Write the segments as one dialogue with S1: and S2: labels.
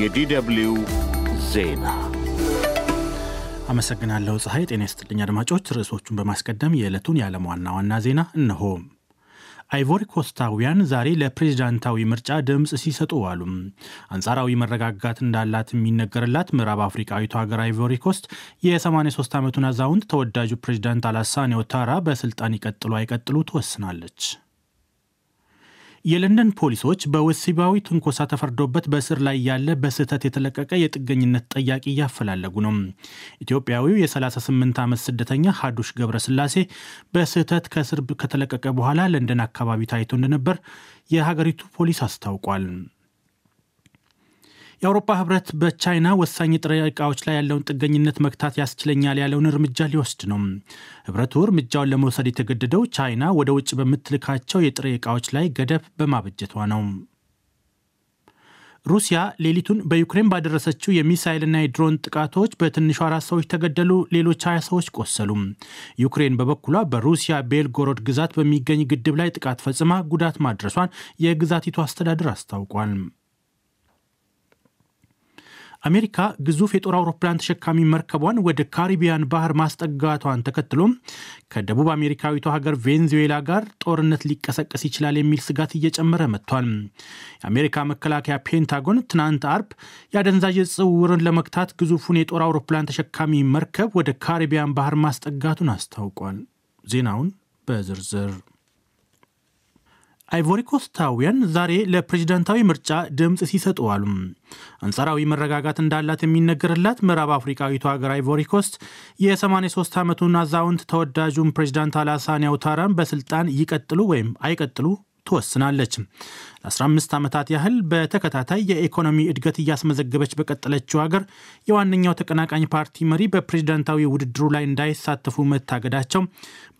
S1: የዲደብልዩ ዜና አመሰግናለሁ ፀሐይ። ጤና ይስጥልኝ አድማጮች። ርዕሶቹን በማስቀደም የዕለቱን የዓለም ዋና ዋና ዜና እነሆ። አይቮሪ ኮስታውያን ዛሬ ለፕሬዚዳንታዊ ምርጫ ድምፅ ሲሰጡ አሉ። አንጻራዊ መረጋጋት እንዳላት የሚነገርላት ምዕራብ አፍሪካዊቱ ሀገር አይቮሪ ኮስት የ83 ዓመቱን አዛውንት ተወዳጁ ፕሬዝዳንት አላሳኔ ኦታራ በስልጣን ይቀጥሉ አይቀጥሉ ትወስናለች። የለንደን ፖሊሶች በወሲባዊ ትንኮሳ ተፈርዶበት በእስር ላይ ያለ በስህተት የተለቀቀ የጥገኝነት ጠያቂ እያፈላለጉ ነው። ኢትዮጵያዊው የ38 ዓመት ስደተኛ ሀዱሽ ገብረስላሴ በስህተት ከእስር ከተለቀቀ በኋላ ለንደን አካባቢ ታይቶ እንደነበር የሀገሪቱ ፖሊስ አስታውቋል። የአውሮፓ ህብረት በቻይና ወሳኝ ጥሬ እቃዎች ላይ ያለውን ጥገኝነት መግታት ያስችለኛል ያለውን እርምጃ ሊወስድ ነው። ህብረቱ እርምጃውን ለመውሰድ የተገደደው ቻይና ወደ ውጭ በምትልካቸው የጥሬ እቃዎች ላይ ገደብ በማበጀቷ ነው። ሩሲያ ሌሊቱን በዩክሬን ባደረሰችው የሚሳይልና የድሮን ጥቃቶች በትንሹ አራት ሰዎች ተገደሉ፣ ሌሎች ሀያ ሰዎች ቆሰሉ። ዩክሬን በበኩሏ በሩሲያ ቤልጎሮድ ግዛት በሚገኝ ግድብ ላይ ጥቃት ፈጽማ ጉዳት ማድረሷን የግዛቲቱ አስተዳደር አስታውቋል። አሜሪካ ግዙፍ የጦር አውሮፕላን ተሸካሚ መርከቧን ወደ ካሪቢያን ባህር ማስጠጋቷን ተከትሎም ከደቡብ አሜሪካዊቷ ሀገር ቬንዙዌላ ጋር ጦርነት ሊቀሰቀስ ይችላል የሚል ስጋት እየጨመረ መጥቷል። የአሜሪካ መከላከያ ፔንታጎን ትናንት አርብ የአደንዛዥ ጽውውርን ለመግታት ግዙፉን የጦር አውሮፕላን ተሸካሚ መርከብ ወደ ካሪቢያን ባህር ማስጠጋቱን አስታውቋል። ዜናውን በዝርዝር አይቮሪኮስታውያን ዛሬ ለፕሬዝዳንታዊ ምርጫ ድምፅ ሲሰጡ አሉ። አንጻራዊ መረጋጋት እንዳላት የሚነገርላት ምዕራብ አፍሪካዊቱ ሀገር አይቮሪኮስት የ83 ዓመቱን አዛውንት ተወዳጁን ፕሬዝዳንት አላሳን ያውታራን በስልጣን ይቀጥሉ ወይም አይቀጥሉ ትወስናለች። ለ15 ዓመታት ያህል በተከታታይ የኢኮኖሚ እድገት እያስመዘገበች በቀጠለችው ሀገር የዋነኛው ተቀናቃኝ ፓርቲ መሪ በፕሬዝዳንታዊ ውድድሩ ላይ እንዳይሳተፉ መታገዳቸው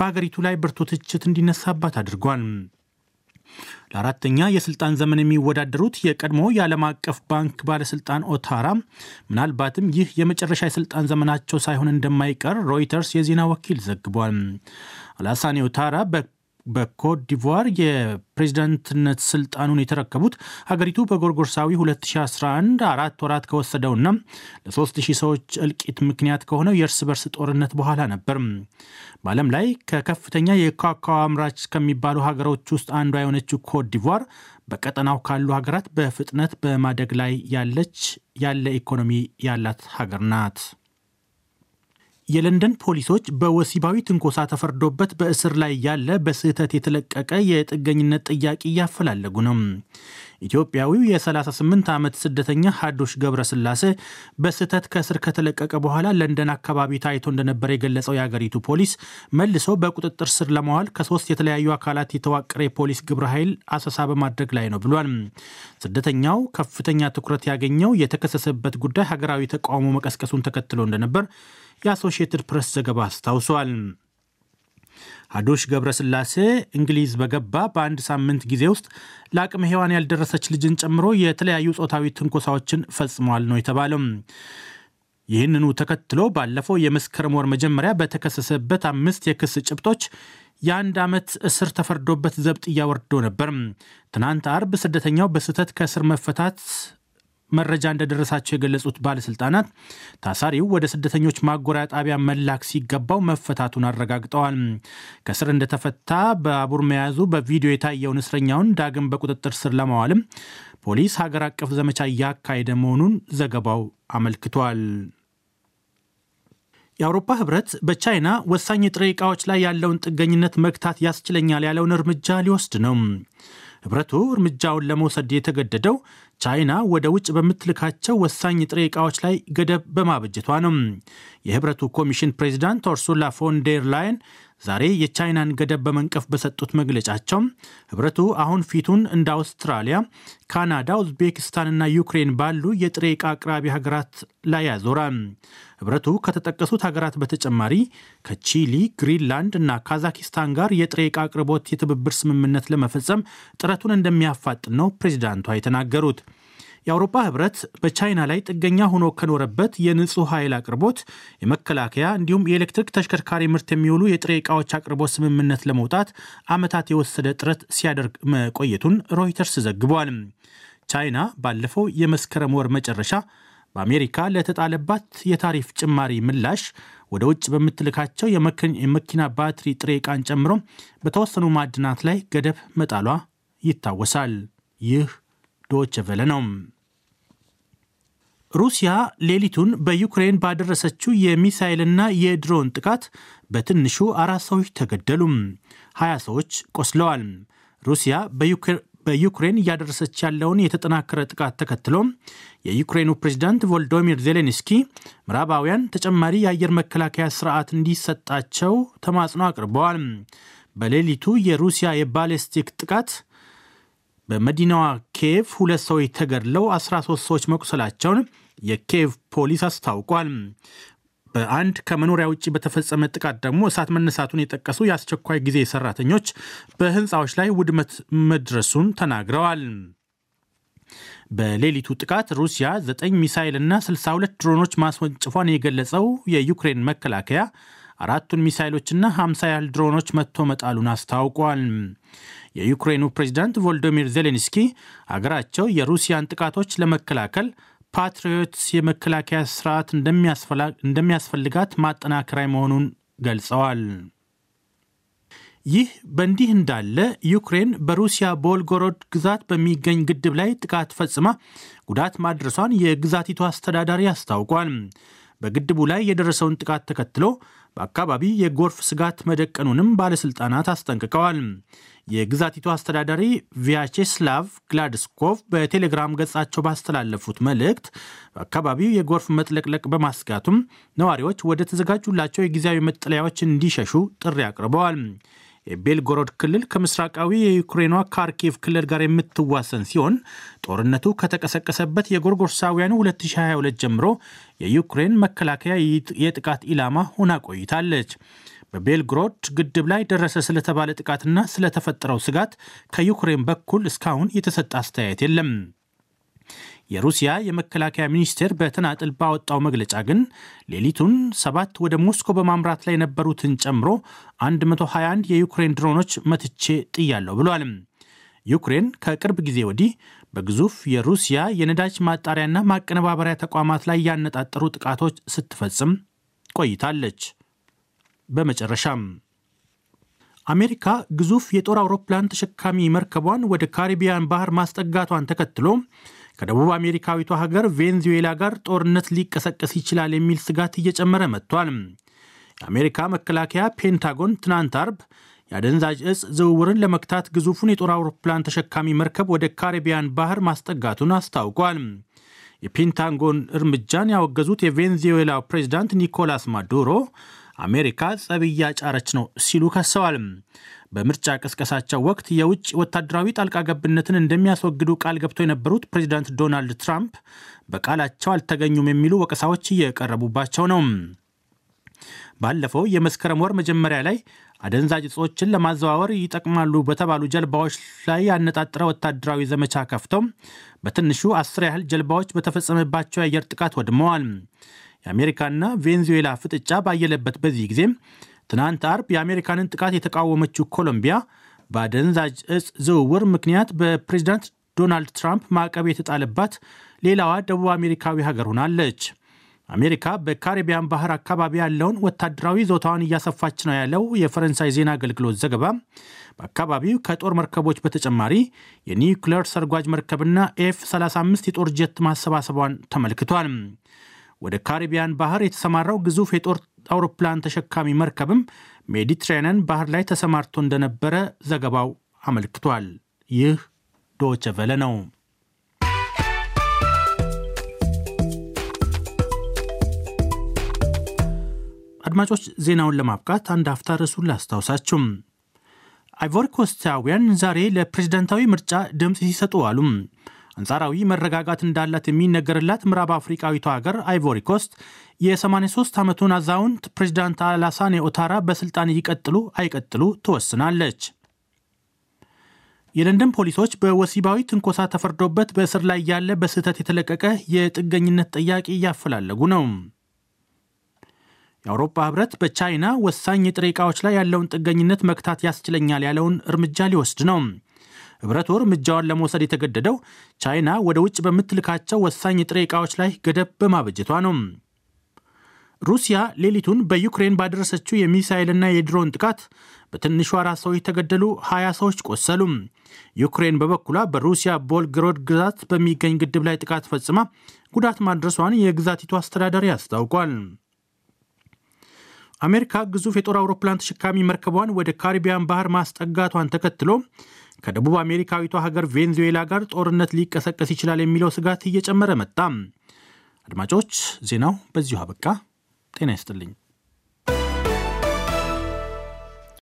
S1: በሀገሪቱ ላይ ብርቱ ትችት እንዲነሳባት አድርጓል። ለአራተኛ የስልጣን ዘመን የሚወዳደሩት የቀድሞ የዓለም አቀፍ ባንክ ባለስልጣን ኦታራ ምናልባትም ይህ የመጨረሻ የስልጣን ዘመናቸው ሳይሆን እንደማይቀር ሮይተርስ የዜና ወኪል ዘግቧል። አላሳኔ ኦታራ በኮት ዲቯር የፕሬዝዳንትነት ስልጣኑን የተረከቡት ሀገሪቱ በጎርጎርሳዊ 2011 አራት ወራት ከወሰደውና ለ3000 ሰዎች እልቂት ምክንያት ከሆነው የእርስ በርስ ጦርነት በኋላ ነበር። በዓለም ላይ ከከፍተኛ የካካዋ አምራች ከሚባሉ ሀገሮች ውስጥ አንዷ የሆነችው ኮት ዲቯር በቀጠናው ካሉ ሀገራት በፍጥነት በማደግ ላይ ያለች ያለ ኢኮኖሚ ያላት ሀገር ናት። የለንደን ፖሊሶች በወሲባዊ ትንኮሳ ተፈርዶበት በእስር ላይ ያለ በስህተት የተለቀቀ የጥገኝነት ጥያቄ እያፈላለጉ ነው። ኢትዮጵያዊው የ38 ዓመት ስደተኛ ሀዱሽ ገብረስላሴ በስህተት ከእስር ከተለቀቀ በኋላ ለንደን አካባቢ ታይቶ እንደነበረ የገለጸው የአገሪቱ ፖሊስ መልሶ በቁጥጥር ስር ለመዋል ከሶስት የተለያዩ አካላት የተዋቀረ የፖሊስ ግብረ ኃይል አሰሳ በማድረግ ላይ ነው ብሏል። ስደተኛው ከፍተኛ ትኩረት ያገኘው የተከሰሰበት ጉዳይ ሀገራዊ ተቃውሞ መቀስቀሱን ተከትሎ እንደነበር የአሶሺየትድ ፕሬስ ዘገባ አስታውሷል። ሀዱሽ ገብረስላሴ እንግሊዝ በገባ በአንድ ሳምንት ጊዜ ውስጥ ለአቅመ ሔዋን ያልደረሰች ልጅን ጨምሮ የተለያዩ ጾታዊ ትንኮሳዎችን ፈጽመዋል ነው የተባለው። ይህንኑ ተከትሎ ባለፈው የመስከረም ወር መጀመሪያ በተከሰሰበት አምስት የክስ ጭብጦች የአንድ ዓመት እስር ተፈርዶበት ዘብጥያ ወርዶ ነበር። ትናንት አርብ ስደተኛው በስህተት ከእስር መፈታት መረጃ እንደደረሳቸው የገለጹት ባለስልጣናት ታሳሪው ወደ ስደተኞች ማጎሪያ ጣቢያ መላክ ሲገባው መፈታቱን አረጋግጠዋል። ከስር እንደተፈታ በአቡር መያዙ በቪዲዮ የታየውን እስረኛውን ዳግም በቁጥጥር ስር ለማዋልም ፖሊስ ሀገር አቀፍ ዘመቻ እያካሄደ መሆኑን ዘገባው አመልክቷል። የአውሮፓ ህብረት በቻይና ወሳኝ የጥሬ ዕቃዎች ላይ ያለውን ጥገኝነት መግታት ያስችለኛል ያለውን እርምጃ ሊወስድ ነው። ህብረቱ እርምጃውን ለመውሰድ የተገደደው ቻይና ወደ ውጭ በምትልካቸው ወሳኝ ጥሬ ዕቃዎች ላይ ገደብ በማበጀቷ ነው። የህብረቱ ኮሚሽን ፕሬዚዳንት ኦርሱላ ፎን ላይን ዛሬ የቻይናን ገደብ በመንቀፍ በሰጡት መግለጫቸው ህብረቱ አሁን ፊቱን እንደ አውስትራሊያ፣ ካናዳ፣ ኡዝቤኪስታንና ዩክሬን ባሉ የጥሬ ዕቃ አቅራቢ ሀገራት ላይ ያዞራል። ህብረቱ ከተጠቀሱት ሀገራት በተጨማሪ ከቺሊ፣ ግሪንላንድ እና ካዛኪስታን ጋር የጥሬ ዕቃ አቅርቦት የትብብር ስምምነት ለመፈጸም ጥረቱን እንደሚያፋጥን ነው ፕሬዚዳንቷ የተናገሩት። የአውሮፓ ህብረት በቻይና ላይ ጥገኛ ሆኖ ከኖረበት የንጹህ ኃይል አቅርቦት፣ የመከላከያ እንዲሁም የኤሌክትሪክ ተሽከርካሪ ምርት የሚውሉ የጥሬ ዕቃዎች አቅርቦት ስምምነት ለመውጣት ዓመታት የወሰደ ጥረት ሲያደርግ መቆየቱን ሮይተርስ ዘግቧል። ቻይና ባለፈው የመስከረም ወር መጨረሻ በአሜሪካ ለተጣለባት የታሪፍ ጭማሪ ምላሽ ወደ ውጭ በምትልካቸው የመኪና ባትሪ ጥሬ ዕቃን ጨምሮ በተወሰኑ ማዕድናት ላይ ገደብ መጣሏ ይታወሳል። ይህ ዶይቼ ቬለ ነው። ሩሲያ ሌሊቱን በዩክሬን ባደረሰችው የሚሳይልና የድሮን ጥቃት በትንሹ አራት ሰዎች ተገደሉም፣ ሀያ ሰዎች ቆስለዋል። ሩሲያ በዩክሬን እያደረሰች ያለውን የተጠናከረ ጥቃት ተከትሎ የዩክሬኑ ፕሬዚዳንት ቮልዶሚር ዜሌንስኪ ምዕራባውያን ተጨማሪ የአየር መከላከያ ስርዓት እንዲሰጣቸው ተማጽኖ አቅርበዋል። በሌሊቱ የሩሲያ የባሌስቲክ ጥቃት በመዲናዋ ኬቭ ሁለት ሰዎች ተገድለው 13 ሰዎች መቁሰላቸውን የኬቭ ፖሊስ አስታውቋል። በአንድ ከመኖሪያ ውጭ በተፈጸመ ጥቃት ደግሞ እሳት መነሳቱን የጠቀሱ የአስቸኳይ ጊዜ ሰራተኞች በህንፃዎች ላይ ውድመት መድረሱን ተናግረዋል። በሌሊቱ ጥቃት ሩሲያ 9 ሚሳይልና 62 ድሮኖች ማስወንጭፏን የገለጸው የዩክሬን መከላከያ አራቱን ሚሳይሎችና 50 ያህል ድሮኖች መጥቶ መጣሉን አስታውቋል። የዩክሬኑ ፕሬዚዳንት ቮልዶሚር ዜሌንስኪ አገራቸው የሩሲያን ጥቃቶች ለመከላከል ፓትሪዮትስ የመከላከያ ስርዓት እንደሚያስፈልጋት ማጠናከሪያ መሆኑን ገልጸዋል። ይህ በእንዲህ እንዳለ ዩክሬን በሩሲያ ቦልጎሮድ ግዛት በሚገኝ ግድብ ላይ ጥቃት ፈጽማ ጉዳት ማድረሷን የግዛቲቱ አስተዳዳሪ አስታውቋል። በግድቡ ላይ የደረሰውን ጥቃት ተከትሎ በአካባቢ የጎርፍ ስጋት መደቀኑንም ባለሥልጣናት አስጠንቅቀዋል። የግዛቲቱ አስተዳዳሪ ቪያቼስላቭ ግላድስኮቭ በቴሌግራም ገጻቸው ባስተላለፉት መልእክት በአካባቢው የጎርፍ መጥለቅለቅ በማስጋቱም ነዋሪዎች ወደ ተዘጋጁላቸው የጊዜያዊ መጠለያዎች እንዲሸሹ ጥሪ አቅርበዋል። የቤልጎሮድ ክልል ከምስራቃዊ የዩክሬኗ ካርኪቭ ክልል ጋር የምትዋሰን ሲሆን ጦርነቱ ከተቀሰቀሰበት የጎርጎርሳውያኑ 2022 ጀምሮ የዩክሬን መከላከያ የጥቃት ኢላማ ሆና ቆይታለች። በቤልግሮድ ግድብ ላይ ደረሰ ስለተባለ ጥቃትና ስለተፈጠረው ስጋት ከዩክሬን በኩል እስካሁን የተሰጠ አስተያየት የለም። የሩሲያ የመከላከያ ሚኒስቴር በተናጥል ባወጣው መግለጫ ግን ሌሊቱን ሰባት ወደ ሞስኮ በማምራት ላይ የነበሩትን ጨምሮ 121 የዩክሬን ድሮኖች መትቼ ጥያለሁ ብሏል። ዩክሬን ከቅርብ ጊዜ ወዲህ በግዙፍ የሩሲያ የነዳጅ ማጣሪያና ማቀነባበሪያ ተቋማት ላይ ያነጣጠሩ ጥቃቶች ስትፈጽም ቆይታለች። በመጨረሻም አሜሪካ ግዙፍ የጦር አውሮፕላን ተሸካሚ መርከቧን ወደ ካሪቢያን ባህር ማስጠጋቷን ተከትሎ ከደቡብ አሜሪካዊቷ ሀገር ቬንዙዌላ ጋር ጦርነት ሊቀሰቀስ ይችላል የሚል ስጋት እየጨመረ መጥቷል። የአሜሪካ መከላከያ ፔንታጎን ትናንት አርብ የአደንዛዥ እጽ ዝውውርን ለመግታት ግዙፉን የጦር አውሮፕላን ተሸካሚ መርከብ ወደ ካሪቢያን ባህር ማስጠጋቱን አስታውቋል። የፔንታጎን እርምጃን ያወገዙት የቬንዙዌላው ፕሬዚዳንት ኒኮላስ ማዱሮ አሜሪካ ጸብ እያጫረች ነው ሲሉ ከሰዋል። በምርጫ ቅስቀሳቸው ወቅት የውጭ ወታደራዊ ጣልቃ ገብነትን እንደሚያስወግዱ ቃል ገብተው የነበሩት ፕሬዚዳንት ዶናልድ ትራምፕ በቃላቸው አልተገኙም የሚሉ ወቀሳዎች እየቀረቡባቸው ነው። ባለፈው የመስከረም ወር መጀመሪያ ላይ አደንዛዥ እጾችን ለማዘዋወር ይጠቅማሉ በተባሉ ጀልባዎች ላይ ያነጣጠረ ወታደራዊ ዘመቻ ከፍተው በትንሹ አስር ያህል ጀልባዎች በተፈጸመባቸው የአየር ጥቃት ወድመዋል። የአሜሪካና ቬንዙዌላ ፍጥጫ ባየለበት በዚህ ጊዜ ትናንት አርብ የአሜሪካንን ጥቃት የተቃወመችው ኮሎምቢያ በአደንዛዥ እጽ ዝውውር ምክንያት በፕሬዚዳንት ዶናልድ ትራምፕ ማዕቀብ የተጣለባት ሌላዋ ደቡብ አሜሪካዊ ሀገር ሆናለች። አሜሪካ በካሪቢያን ባህር አካባቢ ያለውን ወታደራዊ ዞታዋን እያሰፋች ነው ያለው የፈረንሳይ ዜና አገልግሎት ዘገባ በአካባቢው ከጦር መርከቦች በተጨማሪ የኒውክሌር ሰርጓጅ መርከብና ኤፍ 35 የጦር ጀት ማሰባሰቧን ተመልክቷል። ወደ ካሪቢያን ባህር የተሰማራው ግዙፍ የጦር አውሮፕላን ተሸካሚ መርከብም ሜዲትሬንን ባህር ላይ ተሰማርቶ እንደነበረ ዘገባው አመልክቷል። ይህ ዶቼ ነው። አድማጮች ዜናውን ለማብቃት አንድ አፍታ ርዕሱን ላስታውሳችሁም። አይቮሪኮስታውያን ዛሬ ለፕሬዝደንታዊ ምርጫ ድምፅ ሲሰጡ አሉ። አንጻራዊ መረጋጋት እንዳላት የሚነገርላት ምዕራብ አፍሪቃዊቷ ሀገር አይቮሪኮስት የ83 ዓመቱን አዛውንት ፕሬዚዳንት አላሳኔ ኦታራ በስልጣን ይቀጥሉ አይቀጥሉ ትወስናለች። የለንደን ፖሊሶች በወሲባዊ ትንኮሳ ተፈርዶበት በእስር ላይ ያለ በስህተት የተለቀቀ የጥገኝነት ጥያቄ እያፈላለጉ ነው። የአውሮፓ ህብረት በቻይና ወሳኝ የጥሬ ዕቃዎች ላይ ያለውን ጥገኝነት መክታት ያስችለኛል ያለውን እርምጃ ሊወስድ ነው። ህብረቱ እርምጃዋን ለመውሰድ የተገደደው ቻይና ወደ ውጭ በምትልካቸው ወሳኝ የጥሬ ዕቃዎች ላይ ገደብ በማበጀቷ ነው። ሩሲያ ሌሊቱን በዩክሬን ባደረሰችው የሚሳይልና የድሮን ጥቃት በትንሹ አራት ሰዎች የተገደሉ ሀያ ሰዎች ቆሰሉ። ዩክሬን በበኩሏ በሩሲያ ቦልግሮድ ግዛት በሚገኝ ግድብ ላይ ጥቃት ፈጽማ ጉዳት ማድረሷን የግዛቲቱ አስተዳዳሪ አስታውቋል። አሜሪካ ግዙፍ የጦር አውሮፕላን ተሸካሚ መርከቧን ወደ ካሪቢያን ባህር ማስጠጋቷን ተከትሎ ከደቡብ አሜሪካዊቷ ሀገር ቬንዙዌላ ጋር ጦርነት ሊቀሰቀስ ይችላል የሚለው ስጋት እየጨመረ መጣ። አድማጮች ዜናው በዚሁ አበቃ። ጤና ይስጥልኝ።